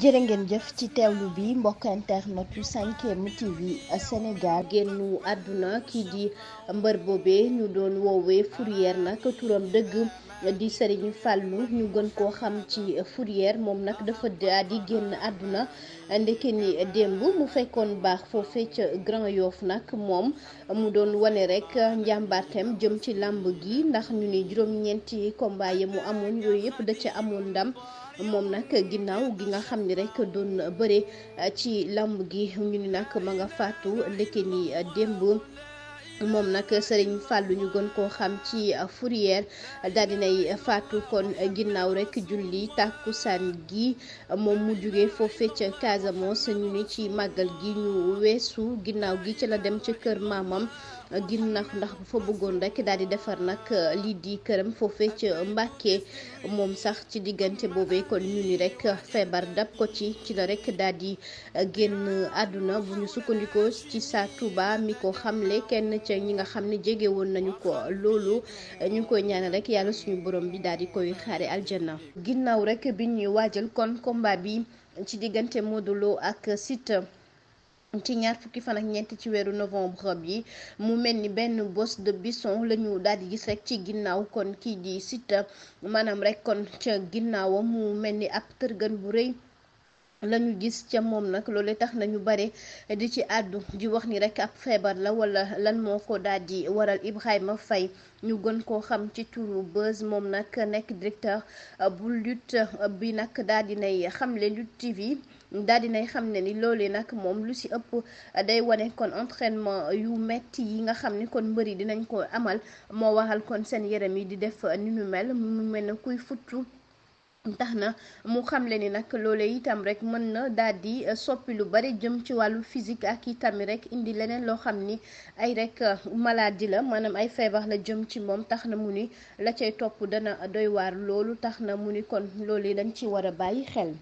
jërë ngeen jëf ci teewlu bi mbokkanteer internet yu 5M TV Sénégal génnu àdduna ki di mbër boobee ñu doon woowee Fourrière nag turam dëgg di Serigne Fallou ñu gën koo xam ci Fourrière moom nag dafa daal génn àdduna ndeke ni démb mu fekkoon baax foofee ca Grand Yoff nag moom mu doon wane rek njàmbaarteem jëm ci làmb gi ndax ñu ni juróom-ñeenti combat mu amoon yooyu yëpp da ca amoon ndam. moom nag ginnaaw gi nga xam ni rekk doon bëre ci làmb gi ñu ni nag ma nga faatu ndeke ni démb moom nag Serigne Fallou ñu gën koo xam ci Fourrière daal dinay faatu kon ginnaaw rek julli tàkkusaan gi moom mu jóge foofee ca Casamance ñu ni ci màggal gi ñu weesu ginnaaw gi ci la dem ca kër maamam ngir nag ndax bu fa bëggoon rekk daal di defar nag euh, lii di këram foofee ca Mbàkke moom sax ci diggante boobee kon ñu ni rek feebar dab ko ci ci la rek daal di euh, génn àdduna bu ñu sukkandikoo ci saa Touba mi ko xamle kenn ca ñi nga xam ne jege woon nañu ko loolu euh, ñu koy ñaan rek yàlla suñu borom bi daal di koy xaare aljanna ginnaaw rek bi ñuy waajal kon komba bi ci diggante Modou ak Siteu ci ñaar fukki fan ak ñeent ci weeru novembre bi mu mel ni benn boss de bison lañu ñu daal di gis rek ci ginnaaw kon kii di sita maanaam rek kon ca ginnaawam mu mel ni ab tërgën bu rëy. lañu gis ca moom nag loolu tax nañu bare di ci àddu di wax ni rek ab feebar la wala lan moo ko daal di waral Ibrahima Faye ñu gën koo xam ci turu Buzz moom nag nekk directeur bu lutte bi nag daldi di nay xamle lutte TV. daal di nay xam ne ni loolee nag moom lu ci ëpp day wane kon entraînement yu metti yi nga xam ne kon mbëri dinañ ko amal moo waxal kon seen yaram yi di def ni mu mel mu mel ne kuy futtu. tax na mu xam xamle ni nag loolee itam rek mën na daal di soppi lu bari jëm ci wàllu physique ak itam rek indi leneen loo xam ni ay rek maladie la maanaam ay feebar la jëm ci moom tax na mu ni la cay topp dana doy waar loolu tax na mu ni kon loolu dañ ci war a bàyyi xel.